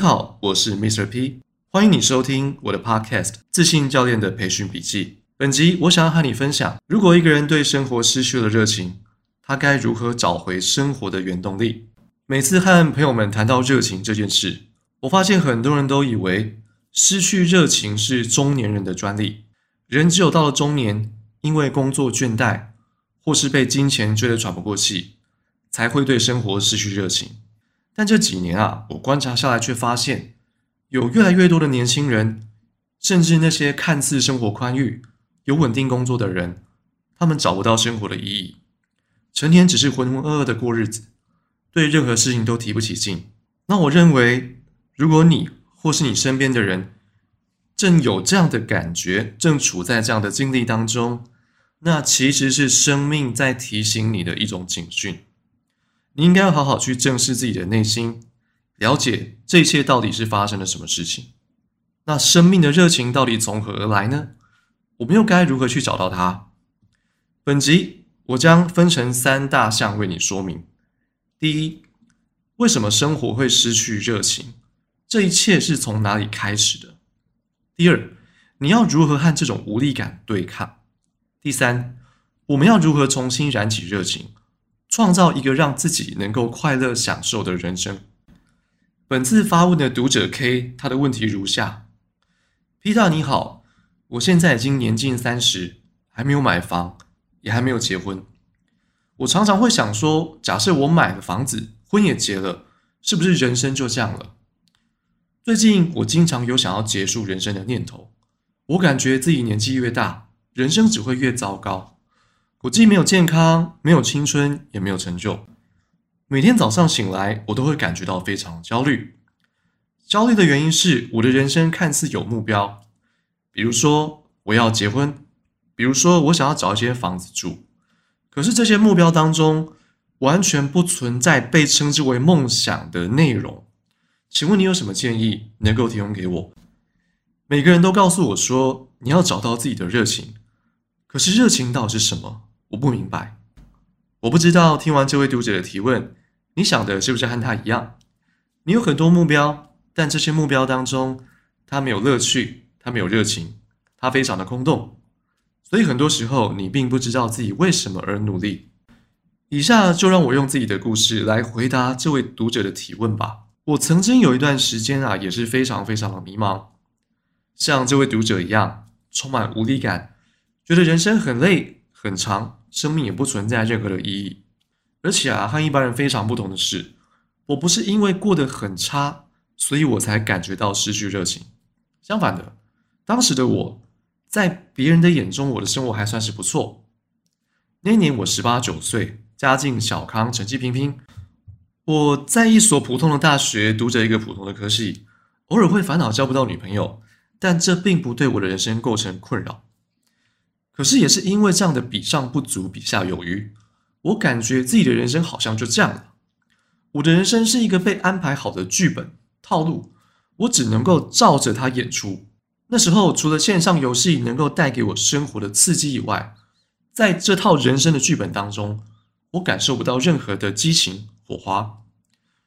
你好，我是 Mr. P，歡迎你收聽我的 Podcast 自信教練的培訓筆記。本集我想要和你分享，如果一個人對生活失去了熱情，他該如何找回生活的原動力？每次和朋友們談到熱情這件事，我發現很多人都以為失去熱情是中年人的專利。人只有到了中年，因為工作倦怠，或是被金錢追得喘不過氣，才會對生活失去熱情。但這幾年啊，我觀察下來，卻發現有越來越多的年輕人，甚至那些看似生活寬裕、有穩定工作的人，他們找不到生活的意義，成天只是渾渾噩噩的過日子，對任何事情都提不起勁。那我認為，如果你或是你身邊的人正有這樣的感覺，正處在這樣的經歷當中，那其實是生命在提醒你的一種警訊。你應該要好好去正視自己的內心，了解這一切到底是發生了什麼事情。那生命的熱情到底從何而來呢？我們又該如何去找到它？本集我將分成三大項為你說明：第一，為什麼生活會失去熱情？這一切是從哪裡開始的？第二，你要如何和這種無力感對抗？第三，我們要如何重新燃起熱情？創造一個讓自己能夠快樂享受的人生。本次發問的讀者 K，他的問題如下：皮大你好，我現在已經年近三十，還沒有買房，也還沒有結婚。我常常會想說，假設我買了房子，婚也結了，是不是人生就這樣了？最近我經常有想要結束人生的念頭。我感覺自己年紀越大，人生只會越糟糕。我既沒有健康，沒有青春，也沒有成就。每天早上醒來，我都會感覺到非常焦慮。焦慮的原因是我的人生看似有目標，比如說我要結婚，比如說我想要找一間房子住。可是這些目標當中，完全不存在被稱之為夢想的內容。請問你有什麼建議能夠提供給我？每個人都告訴我說你要找到自己的熱情，可是熱情到底是什麼？我不明白，我不知道聽完這位讀者的提問，你想的是不是和他一樣？你有很多目標，但這些目標當中，他沒有樂趣，他沒有熱情，他非常的空洞。所以很多時候，你並不知道自己為什麼而努力。以下就讓我用自己的故事來回答這位讀者的提問吧。我曾經有一段時間啊，也是非常非常的迷茫，像這位讀者一樣，充滿無力感，覺得人生很累很長。生命也不存在任何的意義，而且啊，和一般人非常不同的是，我不是因為過得很差，所以我才感覺到失去熱情。相反的，當時的我在別人的眼中，我的生活還算是不錯。那年我十八九歲，家境小康，成績平平。我在一所普通的大學讀着一個普通的科系，偶爾會煩惱交不到女朋友，但這並不對我的人生構成困擾。可是也是因為這樣的比上不足，比下有餘，我感覺自己的人生好像就這樣了。我的人生是一個被安排好的劇本套路，我只能夠照着它演出。那時候除了線上遊戲能夠帶給我生活的刺激以外，在這套人生的劇本當中，我感受不到任何的激情火花。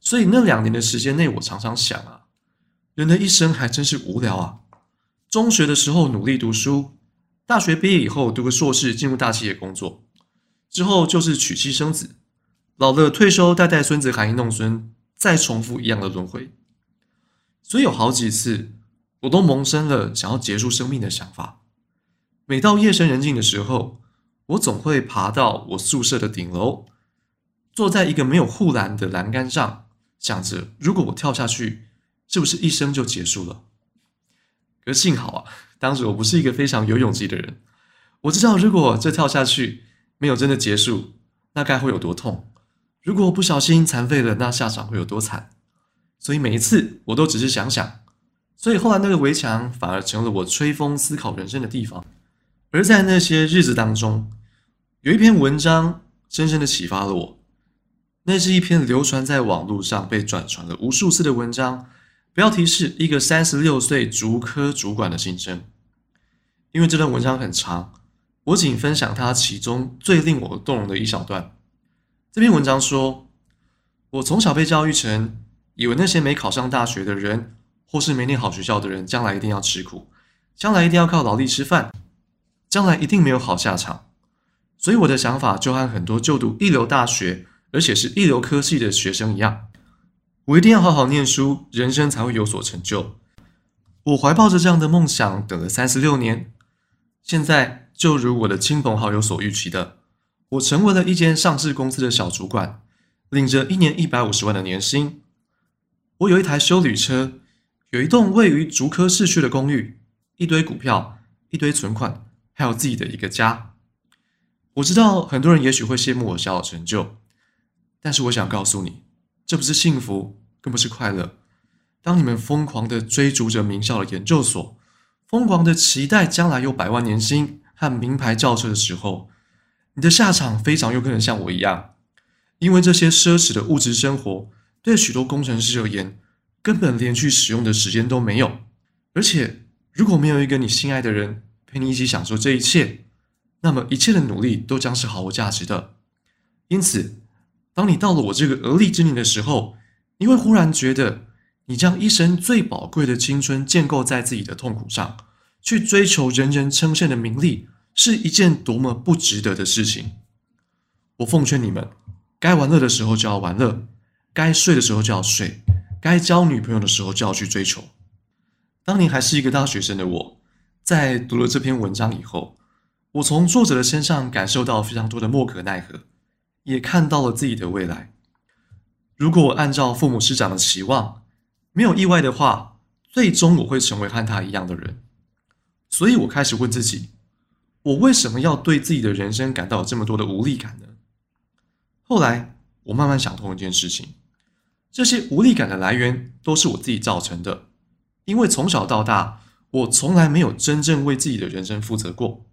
所以那兩年的時間內，我常常想啊，人的一生還真是無聊啊。中學的時候努力讀書，大學畢業以後讀個碩士，進入大企業工作，之後就是娶妻生子，老了退休，帶帶孫子，含飴弄孫，再重複一樣的輪迴。所以有好幾次，我都萌生了想要結束生命的想法。每到夜深人靜的時候，我總會爬到我宿舍的頂樓，坐在一個沒有護欄的欄杆上，想着如果我跳下去，是不是一生就結束了？可幸好啊。當時我不是一個非常有勇氣的人，我知道如果這跳下去沒有真的結束，那該會有多痛；如果不小心殘廢了，那下場會有多慘。所以每一次我都只是想想。所以後來那個圍牆反而成了我吹風思考人生的地方。而在那些日子當中，有一篇文章深深的啟發了我。那是一篇流傳在網絡上被轉傳了無數次的文章，標題是《一個三十六歲竹科主管的心聲》。因為這段文章很長，我僅分享它其中最令我動容的一小段。這篇文章說，我從小被教育成以為那些沒考上大學的人，或是沒念好學校的人，將來一定要吃苦，將來一定要靠勞力吃飯，將來一定沒有好下場。所以我的想法就和很多就讀一流大學，而且是一流科系的學生一樣，我一定要好好念書，人生才會有所成就。我懷抱着這樣的夢想，等了三十六年。現在就如我的親朋好友所預期的，我成為了一間上市公司的小主管，領着一年一百五十萬的年薪。我有一台休旅車，有一棟位於竹科市區的公寓，一堆股票，一堆存款，還有自己的一個家。我知道很多人也許會羨慕我小小的成就，但是我想告訴你，這不是幸福，更不是快樂。當你們瘋狂的追逐着名校的研究所，瘋狂的期待將來有百萬年薪和名牌轎車的時候，你的下場非常有可能像我一樣，因為這些奢侈的物質生活對許多工程師而言，根本連去使用的時間都沒有。而且，如果沒有一個你心愛的人陪你一起享受這一切，那麼一切的努力都將是毫無價值的。因此，當你到了我這個而立之年的時候，你會忽然覺得，你將一生最寶貴的青春建構在自己的痛苦上，去追求人人稱羨的名利，是一件多麼不值得的事情！我奉勸你們，該玩樂的時候就要玩樂，該睡的時候就要睡，該交女朋友的時候就要去追求。當年還是一個大學生的我，在讀了這篇文章以後，我從作者的身上感受到非常多的莫可奈何，也看到了自己的未來。如果我按照父母師長的期望，沒有意外的話，最終我會成為和他一樣的人，所以我開始問自己：我為什麼要對自己的人生感到這麼多的無力感呢？後來，我慢慢想通一件事情：這些無力感的來源都是我自己造成的，因為從小到大，我從來沒有真正為自己的人生負責過。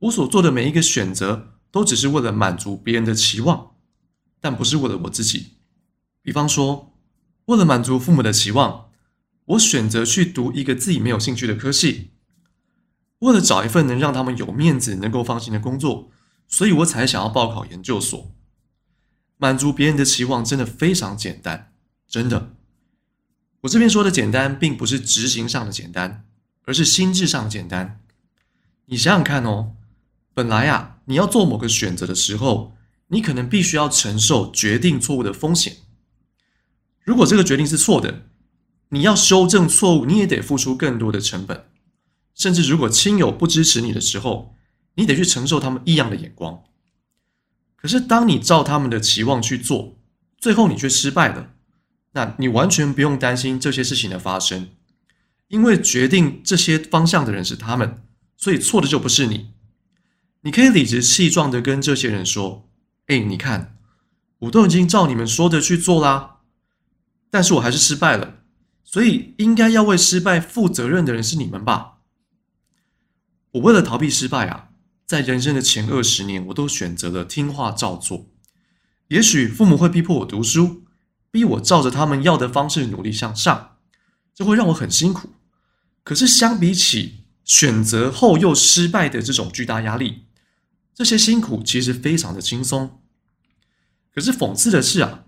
我所做的每一個選擇，都只是為了滿足別人的期望，但不是為了我自己。比方說，為了滿足父母的期望，我選擇去讀一個自己沒有興趣的科系。為了找一份能讓他們有面子、能夠放心的工作，所以我才想要報考研究所。滿足別人的期望真的非常簡單，真的。我這邊說的簡單，並不是執行上的簡單，而是心智上的簡單。你想想看哦，本來啊，你要做某個選擇的時候，你可能必須要承受決定錯誤的風險。如果這個決定是錯的，你要修正錯誤，你也得付出更多的成本。甚至如果親友不支持你的時候，你得去承受他們異樣的眼光。可是，當你照他們的期望去做，最後你卻失敗了，那你完全不用擔心這些事情的發生，因為決定這些方向的人是他們，所以錯的就不是你。你可以理直氣壯的跟這些人說：“哎，你看，我都已經照你們說的去做啦。”但是我還是失敗了，所以應該要為失敗負責任的人是你們吧？我為了逃避失敗啊，在人生的前二十年，我都選擇了聽話照做。也許父母會逼迫我讀書，逼我照着他們要的方式努力向上，這會讓我很辛苦。可是相比起選擇後又失敗的這種巨大壓力，這些辛苦其實非常的輕鬆。可是諷刺的是啊。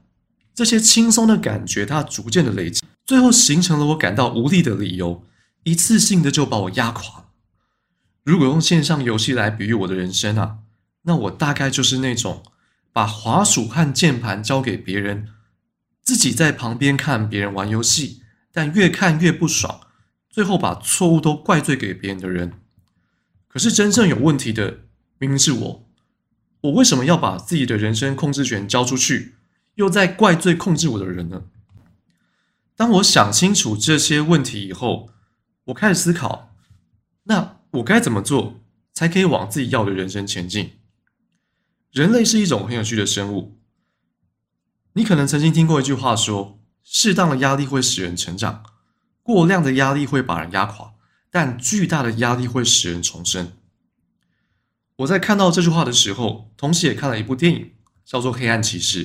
這些輕鬆的感覺，它逐漸的累積，最後形成了我感到無力的理由，一次性的就把我壓垮了。如果用線上遊戲來比喻我的人生啊，那我大概就是那種把滑鼠和鍵盤交給別人，自己在旁邊看別人玩遊戲，但越看越不爽，最後把錯誤都怪罪給別人的人。可是真正有問題的明明是我，我為什麼要把自己的人生控制權交出去？又在怪罪控制我的人呢？當我想清楚這些問題以後，我開始思考，那我該怎麼做才可以往自己要的人生前進？人類是一種很有趣的生物。你可能曾經聽過一句話說：“適當的壓力會使人成長，過量的壓力會把人壓垮，但巨大的壓力會使人重生。”我在看到這句話的時候，同時也看了一部電影，叫做《黑暗騎士》。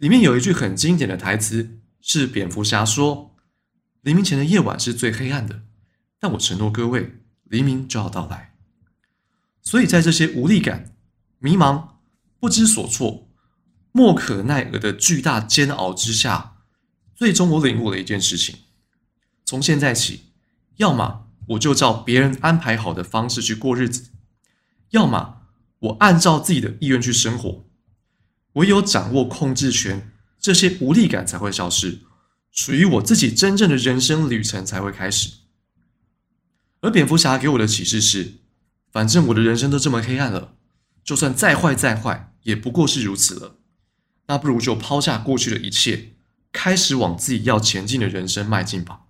裡面有一句很經典的台詞，是蝙蝠俠說：“黎明前的夜晚是最黑暗的，但我承諾各位，黎明就要到來。”所以在這些無力感、迷茫、不知所措、莫可奈何的巨大煎熬之下，最終我領悟了一件事情：從現在起，要麼我就照別人安排好的方式去過日子，要麼我按照自己的意願去生活。唯有掌握控制權，這些無力感才會消失，屬於我自己真正的人生旅程才會開始。而蝙蝠俠給我的啟示是：反正我的人生都這麼黑暗了，就算再壞再壞，也不過是如此了。那不如就拋下過去的一切，開始往自己要前進的人生邁進吧。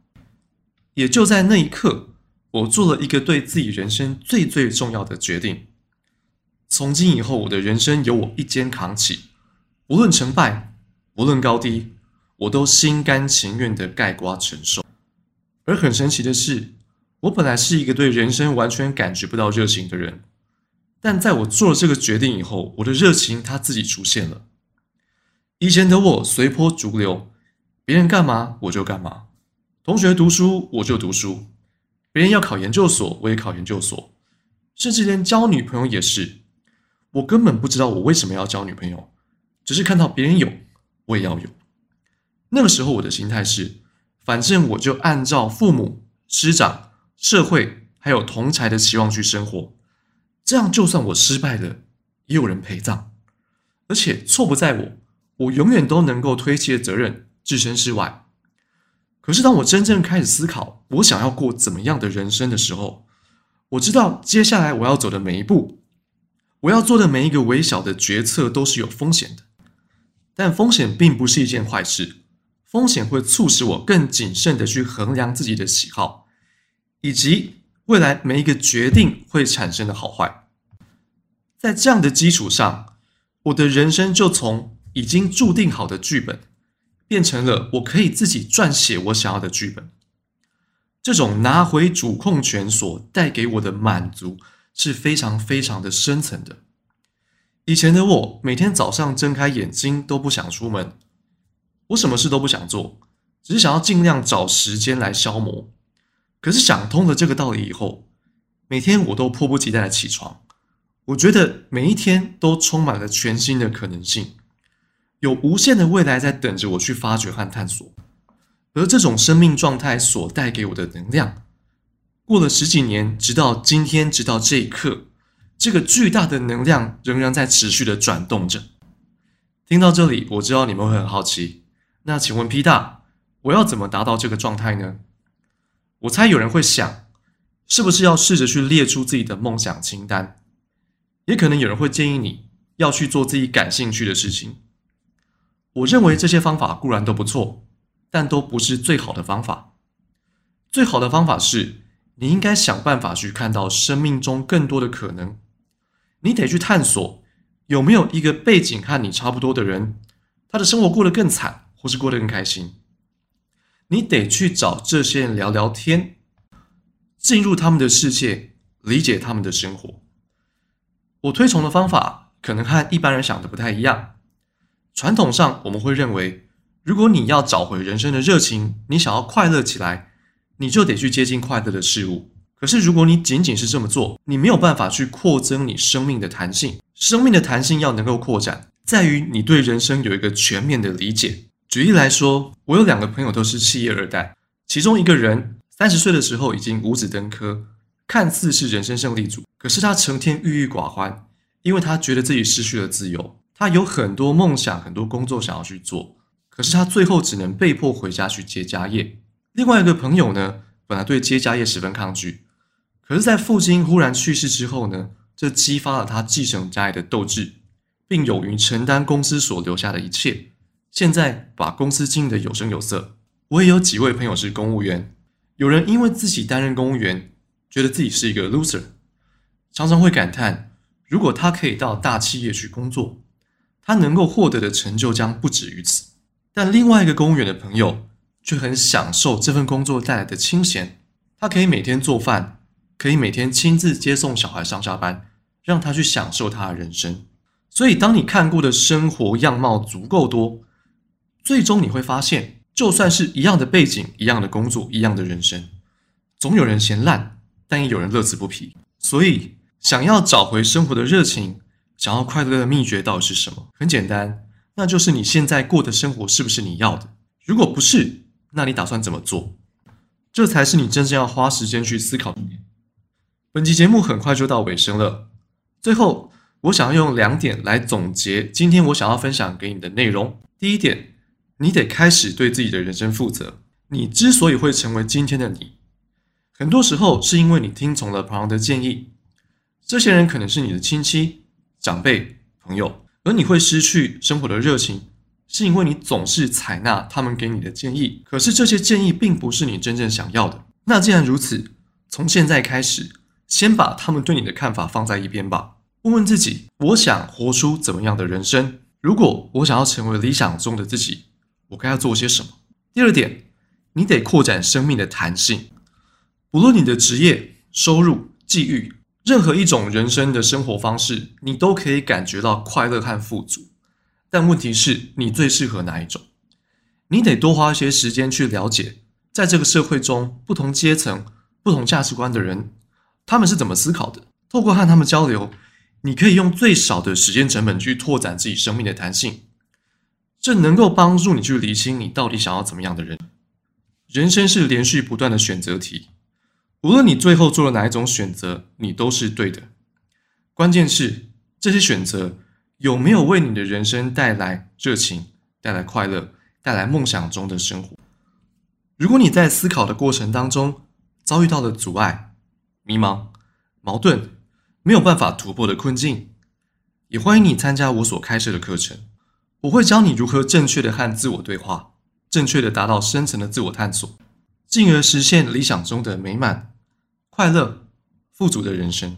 也就在那一刻，我做了一個對自己人生最最重要的決定：從今以後，我的人生由我一肩扛起。無論成敗，無論高低，我都心甘情願地概括承受。而很神奇的是，我本來是一個對人生完全感覺不到熱情的人，但在我做了這個決定以後，我的熱情它自己出現了。以前的我隨波逐流，別人幹嘛我就幹嘛，同學讀書我就讀書，別人要考研究所我也考研究所，甚至連交女朋友也是，我根本不知道我為什麼要交女朋友。只是看到別人有，我也要有。那個時候我的心態是，反正我就按照父母、師長、社會還有同儕的期望去生活，這樣就算我失敗了，也有人陪葬，而且錯不在我，我永遠都能夠推卸責任，置身事外。可是當我真正開始思考我想要過怎麼樣的人生的時候，我知道接下來我要走的每一步，我要做的每一個微小的決策都是有風險的。但風險並不是一件壞事，風險會促使我更謹慎的去衡量自己的喜好，以及未來每一個決定會產生的好壞。在這樣的基礎上，我的人生就從已經注定好的劇本，變成了我可以自己撰寫我想要的劇本。這種拿回主控權所帶給我的滿足，是非常非常的深層的。以前的我，每天早上睜開眼睛都不想出門，我什麼事都不想做，只是想要儘量找時間來消磨。可是想通了這個道理以後，每天我都迫不及待地起床，我覺得每一天都充滿了全新的可能性，有無限的未來在等着我去發掘和探索。而這種生命狀態所帶給我的能量，過了十幾年，直到今天，直到這一刻。這個巨大的能量仍然在持續的轉動着。聽到這裡，我知道你們會很好奇。那請問 P 大，我要怎麼達到這個狀態呢？我猜有人會想，是不是要試着去列出自己的夢想清單？也可能有人會建議你要去做自己感興趣的事情。我認為這些方法固然都不錯，但都不是最好的方法。最好的方法是你應該想辦法去看到生命中更多的可能。你得去探索，有沒有一個背景和你差不多的人，他的生活過得更慘，或是過得更開心？你得去找這些人聊聊天，進入他們的世界，理解他們的生活。我推崇的方法，可能和一般人想的不太一樣。傳統上，我們會認為，如果你要找回人生的熱情，你想要快樂起來，你就得去接近快樂的事物。可是，如果你僅僅是這麼做，你沒有辦法去擴增你生命的彈性。生命的彈性要能夠擴展，在於你對人生有一個全面的理解。舉例來說，我有兩個朋友都是企業二代，其中一個人三十歲的時候已經五子登科，看似是人生勝利組，可是他成天鬱鬱寡歡，因為他覺得自己失去了自由。他有很多夢想，很多工作想要去做，可是他最後只能被迫回家去接家業。另外一個朋友呢，本來對接家業十分抗拒。可是，在父親忽然去世之後呢，這激發了他繼承家業的鬥志，並勇於承擔公司所留下的一切。現在把公司經營得有聲有色。我也有幾位朋友是公務員，有人因為自己擔任公務員，覺得自己是一個 loser，常常會感嘆，如果他可以到大企業去工作，他能夠獲得的成就將不止於此。但另外一個公務員的朋友卻很享受這份工作帶來的清閒，他可以每天做飯。可以每天親自接送小孩上下班，讓他去享受他的人生。所以，當你看過的生活樣貌足夠多，最終你會發現，就算是一樣的背景、一樣的工作、一樣的人生，總有人嫌爛，但也有人樂此不疲。所以，想要找回生活的熱情，想要快樂的秘訣到底是什麼？很簡單，那就是你現在過的生活是不是你要的？如果不是，那你打算怎麼做？這才是你真正要花時間去思考的。本期節目很快就到尾聲了。最後，我想要用兩點來總結今天我想要分享給你的內容。第一點，你得開始對自己的人生負責。你之所以會成為今天的你，很多時候是因為你聽從了朋友的建議。這些人可能是你的親戚、長輩、朋友，而你會失去生活的熱情，是因為你總是採納他們給你的建議。可是這些建議並不是你真正想要的。那既然如此，從現在開始，先把他們對你的看法放在一邊吧。問問自己，我想活出怎麼樣的人生？如果我想要成為理想中的自己，我該要做些什麼？第二點，你得擴展生命的彈性。不論你的職業、收入、際遇，任何一種人生的生活方式，你都可以感覺到快樂和富足。但問題是，你最適合哪一種？你得多花一些時間去了解，在這個社會中，不同階層、不同價值觀的人。他們是怎麼思考的？透過和他們交流，你可以用最少的時間成本去拓展自己生命的彈性。這能夠幫助你去釐清你到底想要怎麼樣的人。人生是連續不斷的選擇題，無論你最後做了哪一種選擇，你都是對的。關鍵是這些選擇有沒有為你的人生帶來熱情、帶來快樂、帶來夢想中的生活。如果你在思考的過程當中遭遇到了阻礙，迷茫、矛盾、沒有辦法突破的困境，也歡迎你參加我所開設的課程。我會教你如何正確的和自我對話，正確的達到深層的自我探索，進而實現理想中的美滿、快樂、富足的人生。